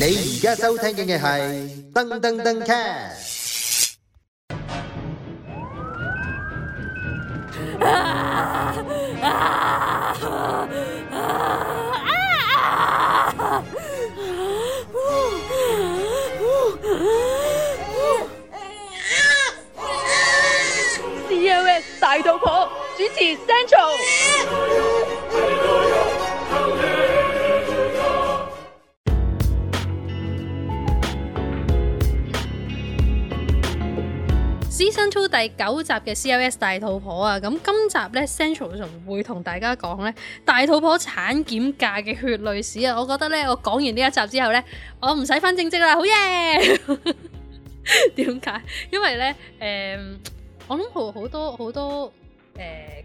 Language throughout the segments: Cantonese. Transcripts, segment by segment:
你而家收聽嘅係噔噔噔 cat。COS 大肚婆主持 Central。《Season Two》第九集嘅 COS 大肚婆啊，咁今集呢 Central 仲會同大家講呢大肚婆產檢假嘅血淚史啊！我覺得呢，我講完呢一集之後呢，我唔使返正職啦，好耶？點解？因為呢，誒，我諗好好多好多誒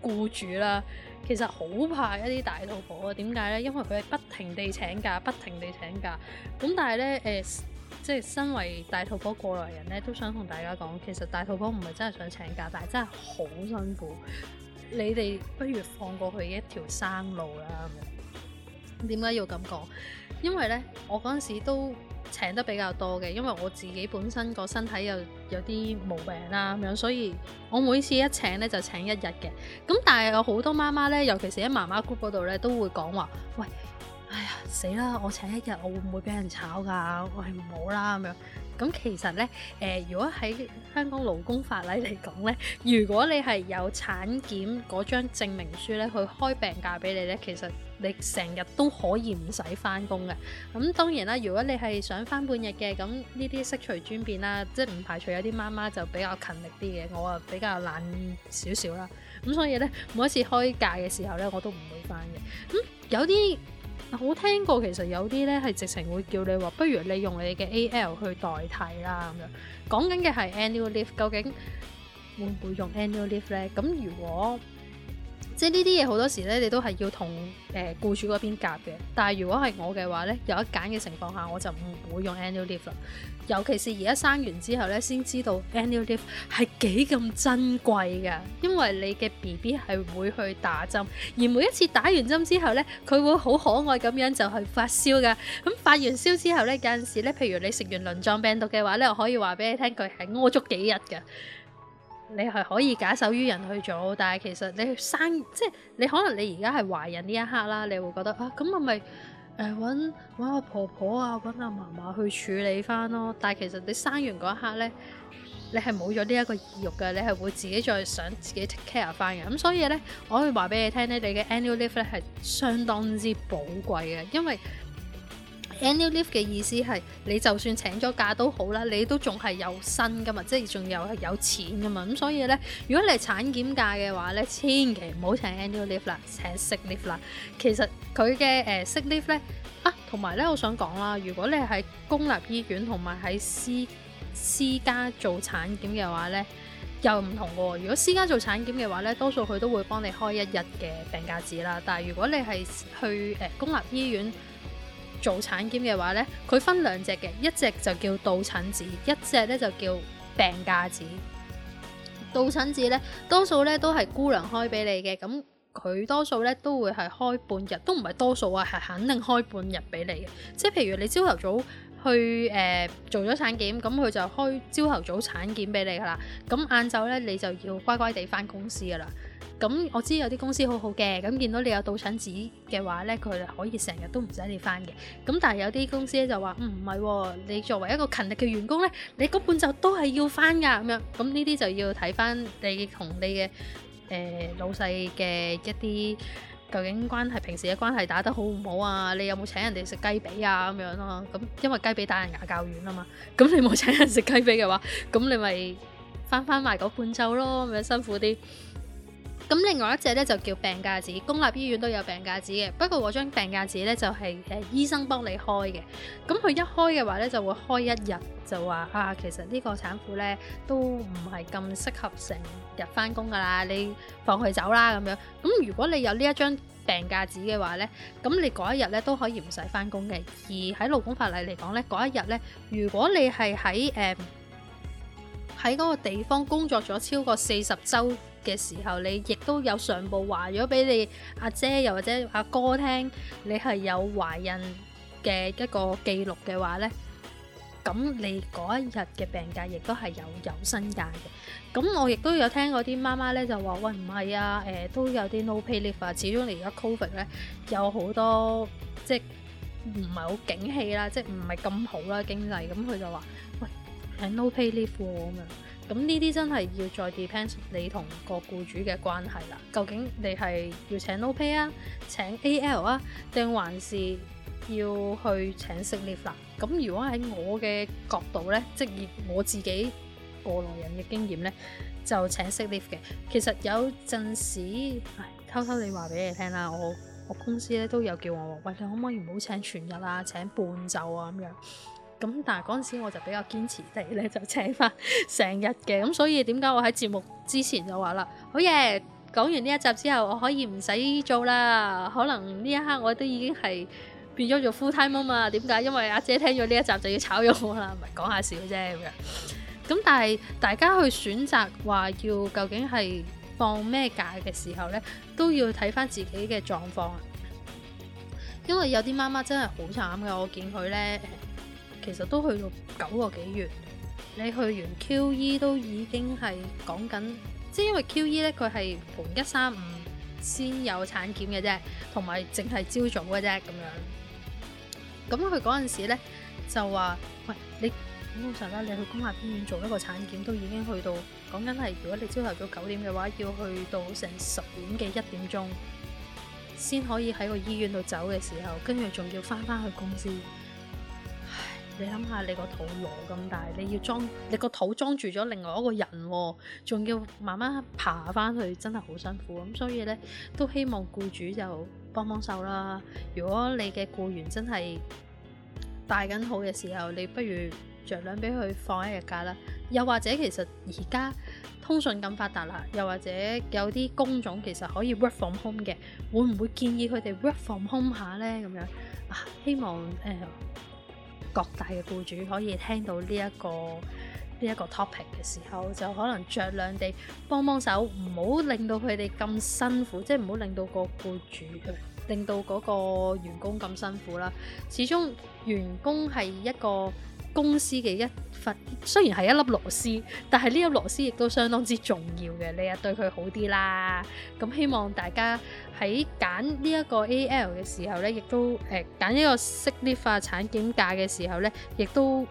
僱主啦，其實好怕一啲大肚婆啊？點解呢？因為佢係不停地請假，不停地請假。咁但係呢，誒。即係身為大肚婆過來人咧，都想同大家講，其實大肚婆唔係真係想請假，但係真係好辛苦。你哋不如放過佢一條生路啦。點解要咁講？因為咧，我嗰陣時都請得比較多嘅，因為我自己本身個身體又有啲毛病啦咁樣，所以我每次一請咧就請一日嘅。咁但係有好多媽媽咧，尤其是喺媽媽 group 嗰度咧，都會講話，喂。死啦！我請一日，我會唔會俾人炒㗎？我係唔好啦咁樣。咁其實呢，誒、呃，如果喺香港勞工法例嚟講呢，如果你係有產檢嗰張證明書咧，佢開病假俾你呢，其實你成日都可以唔使翻工嘅。咁當然啦，如果你係想翻半日嘅，咁呢啲悉隨尊便啦，即係唔排除有啲媽媽就比較勤力啲嘅，我就比較懶少少啦。咁所以呢，每一次開假嘅時候呢，我都唔會翻嘅。咁、嗯、有啲。我聽過，其實有啲咧係直情會叫你話，不如你用你嘅 AL 去代替啦咁樣。講緊嘅係 Annual Leave，究竟會唔會用 Annual Leave 咧？咁如果？即係呢啲嘢好多時咧，你都係要同誒僱主嗰邊夾嘅。但係如果係我嘅話咧，有得揀嘅情況下，我就唔會用 annual leave 啦。尤其是而家生完之後咧，先知道 annual leave 係幾咁珍貴㗎，因為你嘅 B B 係會去打針，而每一次打完針之後咧，佢會好可愛咁樣就去發燒㗎。咁發完燒之後咧，有陣時咧，譬如你食完輪狀病毒嘅話咧，我可以話俾你聽，佢係屙足幾日㗎。你係可以假手於人去做，但係其實你生，即係你可能你而家係懷孕呢一刻啦，你會覺得啊，咁、欸、我咪誒揾揾阿婆婆啊揾阿嫲嫲去處理翻咯。但係其實你生完嗰一刻咧，你係冇咗呢一個意欲㗎，你係會自己再想自己 take care 翻嘅。咁、嗯、所以咧，我可以話俾你聽咧，你嘅 annual leave 咧係相當之寶貴嘅，因為，annual leave 嘅意思係你就算請咗假都好啦，你都仲係有薪噶嘛，即係仲又係有錢噶嘛，咁所以咧，如果你係產檢假嘅話咧，千祈唔好請 annual leave 啦，請 sick leave 啦。其實佢嘅誒 sick leave 咧啊，同埋咧，我想講啦，如果你係公立醫院同埋喺私私家做產檢嘅話咧，又唔同嘅、哦。如果私家做產檢嘅話咧，多數佢都會幫你開一日嘅病假紙啦。但係如果你係去誒、呃、公立醫院，做產檢嘅話咧，佢分兩隻嘅，一隻就叫到診紙，一隻咧就叫病假紙。到診紙咧，多數咧都係姑娘開俾你嘅，咁佢多數咧都會係開半日，都唔係多數啊，係肯定開半日俾你嘅。即係譬如你朝頭早去誒做咗產檢，咁佢就開朝頭早產檢俾你噶啦，咁晏晝咧你就要乖乖地翻公司噶啦。咁、嗯、我知有啲公司好好嘅，咁見到你有到診紙嘅話呢，佢可以成日都唔使你翻嘅。咁但係有啲公司就話唔係，你作為一個勤力嘅員工呢，你嗰半晝都係要翻噶。咁樣咁呢啲就要睇翻你同你嘅誒、呃、老細嘅一啲究竟關係，平時嘅關係打得好唔好啊？你有冇請人哋食雞髀啊？咁樣,樣,樣,樣咯，咁因為雞髀打人牙較軟啊嘛。咁你冇請人食雞髀嘅話，咁你咪翻翻埋嗰半晝咯，咁樣辛苦啲。咁另外一隻咧就叫病假紙，公立醫院都有病假紙嘅。不過嗰張病假紙咧就係誒醫生幫你開嘅。咁佢一開嘅話咧就會開一日，就話啊，其實呢個產婦咧都唔係咁適合成日翻工噶啦，你放佢走啦咁樣。咁如果你有呢一張病假紙嘅話咧，咁你嗰一日咧都可以唔使翻工嘅。而喺勞工法例嚟講咧，嗰一日咧，如果你係喺誒喺嗰個地方工作咗超過四十週嘅時候，你亦都有上報話如果俾你阿姐又或者阿哥聽，你係有懷孕嘅一個記錄嘅話咧，咁你嗰一日嘅病假亦都係有有薪假嘅。咁我亦都有聽過啲媽媽咧就話：喂唔係啊，誒都有啲 no pay leave 啊。始終你而家 covid 咧有好多即係唔係好景氣啦，即係唔係咁好啦，經濟。咁佢就話：喂係 no pay leave 喎咁樣。咁呢啲真係要再 depends 你同個僱主嘅關係啦。究竟你係要請 no pay 啊，請 AL 啊，定還是要去請 sick leave 咁如果喺我嘅角度呢，職業我自己過來人嘅經驗呢，就請 sick leave 嘅。其實有陣時、哎、偷偷地話俾你聽啦，我我公司咧都有叫我話喂，你可唔可以唔好請全日啊，請半晝啊咁樣。咁但係嗰陣時我就比較堅持地咧就請翻成日嘅，咁所以點解我喺節目之前就話啦， 好嘢講完呢一集之後我可以唔使做啦，可能呢一刻我都已經係變咗做 full time 啊嘛，點解？因為阿姐聽咗呢一集就要炒咗我啦，咪講下笑啫咁樣。咁但係大家去選擇話要究竟係放咩假嘅時候呢，都要睇翻自己嘅狀況啊，因為有啲媽媽真係好慘㗎，我見佢呢。其實都去到九個幾月，你去完 QE 都已經係講緊，即係因為 QE 咧，佢係逢一三五先有產檢嘅啫，同埋淨係朝早嘅啫咁樣。咁佢嗰陣時咧就話：喂，你通常咧，你去公立醫院做一個產檢，都已經去到講緊係，如果你朝頭早九點嘅話，要去到成十點嘅一點鐘，先可以喺個醫院度走嘅時候，跟住仲要翻翻去公司。你諗下,你個肚咁大,你要裝,你個肚裝住咗另外一個人,喎,仲要慢慢爬翻去,真係好辛苦。咁所以呢,都希望僱主就幫幫手啦。如果你嘅僱員真係帶緊好嘅時候,你不如酌量俾佢放一日假啦。又或者其實而家通訊咁發達啦,又或者有啲工種其實可以 work from home 嘅,會唔會建議佢哋 work from home 下呢?咁樣啊,希望誒。呃各大嘅僱主可以聽到呢一個呢一個 topic 嘅時候，就可能酌量地幫幫手，唔好令到佢哋咁辛苦，即係唔好令到個僱主，令到嗰個員工咁辛苦啦。始終員工係一個公司嘅一份，雖然係一粒螺絲，但係呢粒螺絲亦都相當之重要嘅。你呀對佢好啲啦。咁希望大家。喺揀呢一個 AL 嘅時候呢亦都誒揀、呃、一個適啲化產檢價嘅時候呢亦都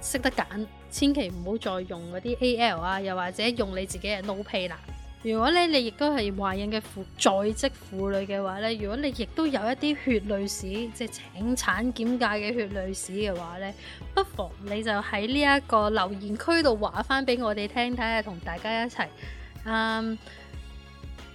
識得揀，千祈唔好再用嗰啲 AL 啊，又或者用你自己嘅腦皮啦。如果咧你亦都係懷孕嘅婦在職婦女嘅話呢如果你亦都有一啲血淚史，即係請產檢價嘅血淚史嘅話呢不妨你就喺呢一個留言區度話返俾我哋聽，睇下同大家一齊嗯。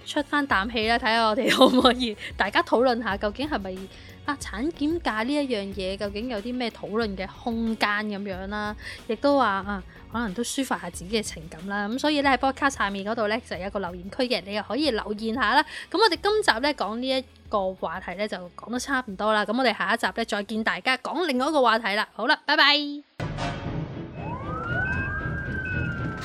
出翻啖氣啦，睇下我哋可唔可以大家討論下究竟係咪啊產檢假呢一樣嘢，究竟有啲咩討論嘅空間咁樣啦，啊？亦都話啊，可能都抒發下自己嘅情感啦。咁所以咧喺 Podcast 下面嗰度咧就有、是、一個留言區嘅，你又可以留言下啦。咁我哋今集咧講呢一個話題咧就講得差唔多啦。咁我哋下一集咧再見大家講另外一個話題啦。好啦，拜拜。